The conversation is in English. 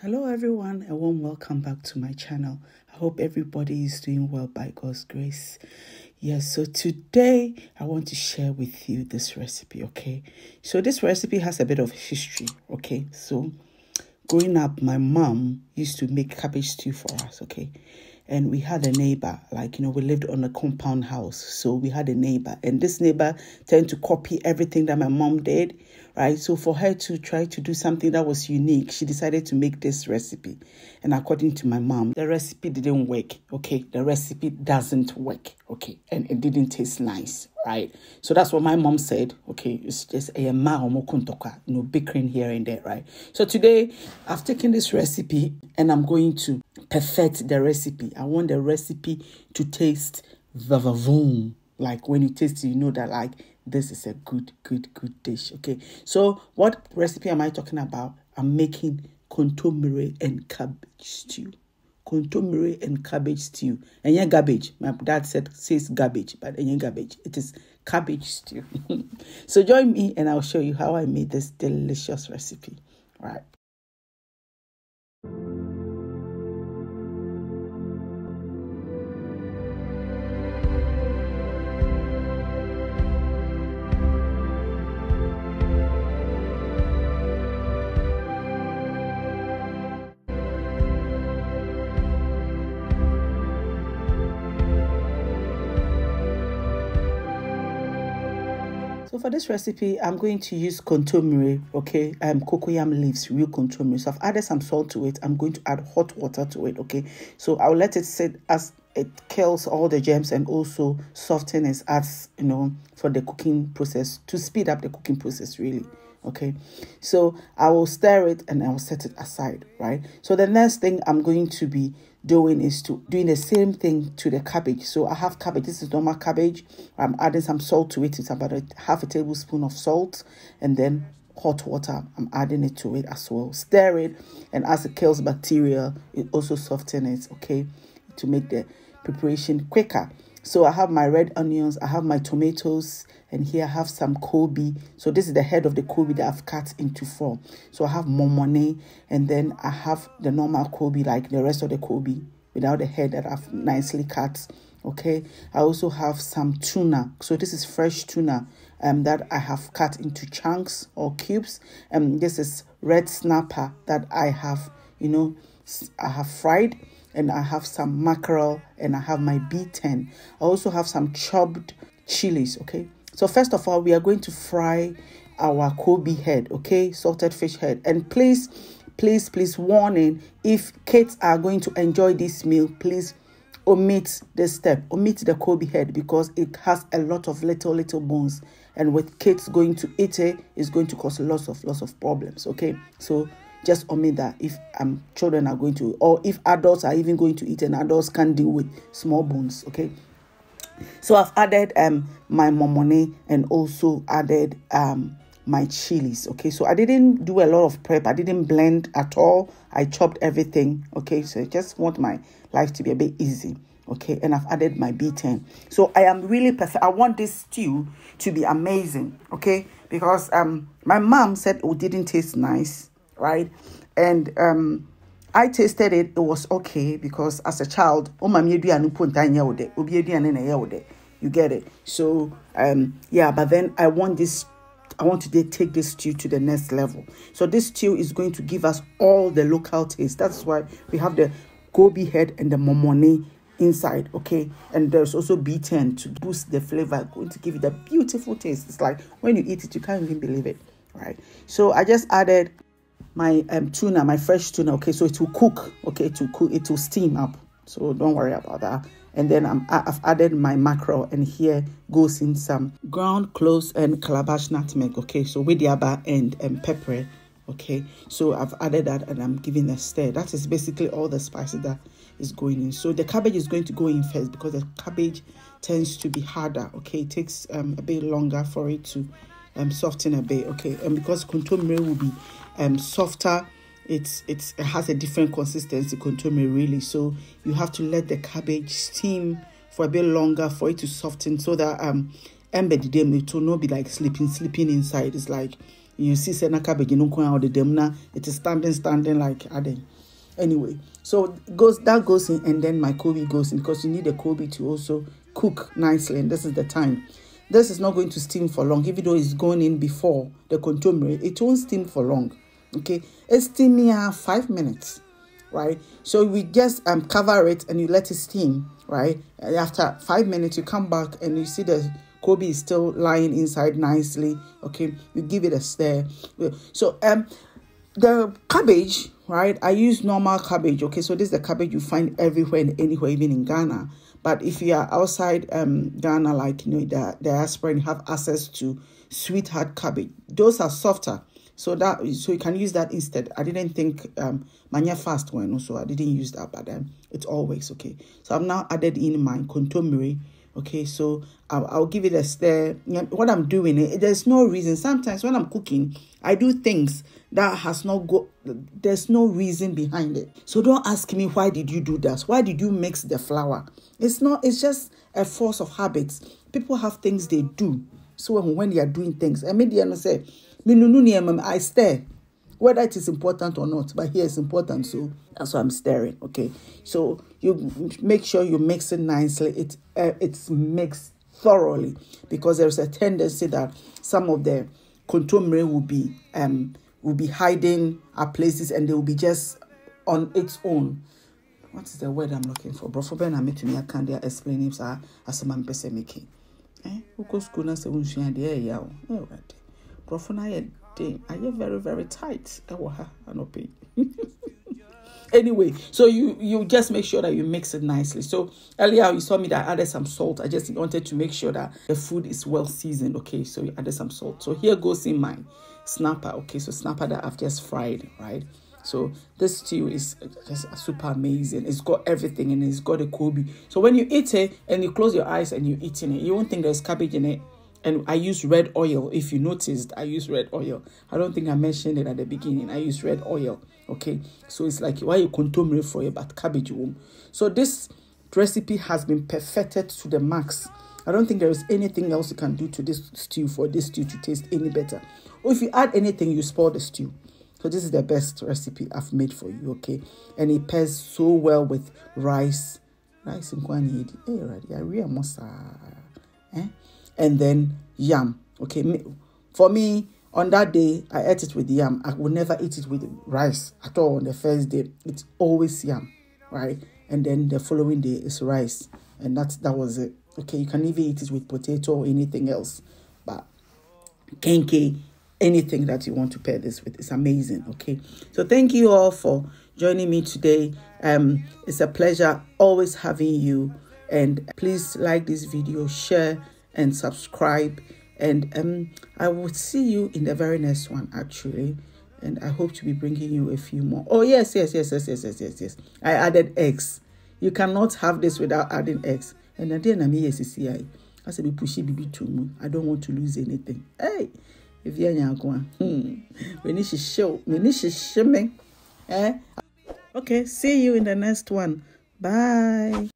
Hello everyone, a warm welcome back to my channel. I hope everybody is doing well by God's grace. Yes, so today I want to share with you this recipe, okay? So this recipe has a bit of history, okay? So growing up, my mom used to make cabbage stew for us, okay? And we had a neighbor, like, you know, we lived on a compound house. So we had a neighbor. And this neighbor tend to copy everything that my mom did right? So for her to try to do something that was unique, she decided to make this recipe. And according to my mom, the recipe didn't work, okay? The recipe doesn't work, okay? And it didn't taste nice, right? So that's what my mom said, okay? It's just a ma you know, bickering here and there, right? So today, I've taken this recipe and I'm going to perfect the recipe. I want the recipe to taste vavavoom. Like when you taste it, you know that like this is a good, good, good dish. Okay, so what recipe am I talking about? I'm making contomere and cabbage stew. Contomere and cabbage stew. And yeah, cabbage. My dad said says garbage, but any garbage. It is cabbage stew. so join me and I'll show you how I made this delicious recipe. All right. So for this recipe, I'm going to use contomere, okay, um, cocoyam leaves, real contomere. So I've added some salt to it. I'm going to add hot water to it, okay. So I'll let it sit as it kills all the germs and also softens as, you know, for the cooking process, to speed up the cooking process, really okay so i will stir it and i will set it aside right so the next thing i'm going to be doing is to doing the same thing to the cabbage. So I have cabbage. This is normal cabbage. I'm adding some salt to it. It's about a half a tablespoon of salt and then hot water. I'm adding it to it as well. Stir it and as it kills bacteria, it also softens it, okay, to make the preparation quicker. So I have my red onions, I have my tomatoes, and here I have some kobe. So this is the head of the kobe that I've cut into four. So I have momone, and then I have the normal kobe, like the rest of the kobe, without the head that I've nicely cut. Okay, I also have some tuna. So this is fresh tuna um, that I have cut into chunks or cubes. And um, this is red snapper that I have, you know, I have fried and I have some mackerel and I have my B10. I also have some chopped chilies, okay? So first of all, we are going to fry our Kobe head, okay? Salted fish head. And please, please, please, warning, if kids are going to enjoy this meal, please omit this step. Omit the Kobe head because it has a lot of little, little bones. And with kids going to eat it, it's going to cause lots of, lots of problems, okay? So just omit that if um, children are going to, or if adults are even going to eat and adults can deal with small bones, okay? So I've added um, my momone and also added um, my chilies, okay? So I didn't do a lot of prep. I didn't blend at all. I chopped everything, okay? So I just want my life to be a bit easy okay and i've added my b10 so i am really perfect i want this stew to be amazing okay because um my mom said it oh, didn't taste nice right? And um, I tasted it, it was okay because as a child, you get it. So um, yeah, but then I want this I want to take this stew to the next level. So this stew is going to give us all the local taste. That's why we have the gobi head and the momone inside, okay? And there's also B10 to boost the flavor, going to give it a beautiful taste. It's like when you eat it, you can't even believe it, right? So I just added my um, tuna, my fresh tuna. Okay, so it will cook. Okay, it will cook. It will steam up. So don't worry about that. And then I'm, I've added my mackerel, and here goes in some ground cloves and calabash nutmeg. Okay, so with the other end and um, pepper. Okay, so I've added that, and I'm giving a stir. That is basically all the spices that is going in. So the cabbage is going to go in first because the cabbage tends to be harder. Okay, it takes um, a bit longer for it to um, soften a bit. Okay, and because contomere will be um, softer. It's, it's, it has a different consistency, contome really. So you have to let the cabbage steam for a bit longer for it to soften so that um, embedded them, it will not be like sleeping, sleeping inside. It's like you see Sena cabbage, you know, out the demna, it is standing, standing like adding. Anyway, so goes that goes in, and then my Kobe goes in because you need the Kobe to also cook nicely, and this is the time. This is not going to steam for long, even though it's going in before the contumely, it won't steam for long okay it's steam near five minutes right so we just um cover it and you let it steam right and after five minutes you come back and you see the kobe is still lying inside nicely okay you give it a stir so um the cabbage right i use normal cabbage okay so this is the cabbage you find everywhere and anywhere even in ghana but if you are outside um ghana like you know the diaspora and have access to sweetheart cabbage those are softer so that so you can use that instead. I didn't think um mania fast one, so I didn't use that, but um, it always okay. So I've now added in my contemporary. Okay, so I'll, I'll give it a stir. What I'm doing, eh, there's no reason. Sometimes when I'm cooking, I do things that has not go. There's no reason behind it. So don't ask me why did you do that? Why did you mix the flour? It's not. It's just a force of habits. People have things they do so when they are doing things. I mean, they are say, I stare, whether it is important or not, but here it's important, so that's why I'm staring. Okay, so you make sure you mix it nicely. It uh, it's mixed thoroughly because there's a tendency that some of the contemporary will be um will be hiding at places and they will be just on its own. What is the word I'm looking for? Bro, for Ben, I'm making a candy so as a man person making wokɔ sukuu no sɛ wonsua deɛ ɛyɛ wo awurade nkurɔfo no ayɛ den ayɛ very very tight ɛwɔ eh, ha anɔpɛ Anyway, so you you just make sure that you mix it nicely. So earlier you saw me that I added some salt. I just wanted to make sure that the food is well seasoned. Okay, so you added some salt. So here goes in my snapper. Okay, so snapper that I've just fried, right? So this stew is super amazing. It's got everything and it. it's got a Kobe. So when you eat it and you close your eyes and you're eating it, you won't think there's cabbage in it. And I use red oil. If you noticed, I use red oil. I don't think I mentioned it at the beginning. I use red oil. Okay. So it's like why you contaminate for it, but cabbage womb. So this recipe has been perfected to the max. I don't think there is anything else you can do to this stew for this stew to taste any better. Or if you add anything, you spoil the stew. So this is the best recipe I've made for you, okay? And it pairs so well with rice. Rice in Kwanidi. Hey, eh, eh, right. Eh? And then yam. Okay. For me, on that day, I ate it with yam. I would never eat it with rice at all on the first day. It's always yam, right? And then the following day is rice. And that, that was it. Okay, you can even eat it with potato or anything else. But kenke anything that you want to pair this with. It's amazing. Okay. So thank you all for joining me today. Um, it's a pleasure always having you. And please like this video, share and subscribe. And um, I will see you in the very next one, actually. And I hope to be bringing you a few more. Oh, yes, yes, yes, yes, yes, yes, yes, yes. I added eggs. You cannot have this without adding eggs. And then I'm here, CCI. I said, be pushy, to me. I don't want to lose anything. Hey if you're young one. We need to show. We need to show me. Eh? Okay. See you in the next one. Bye.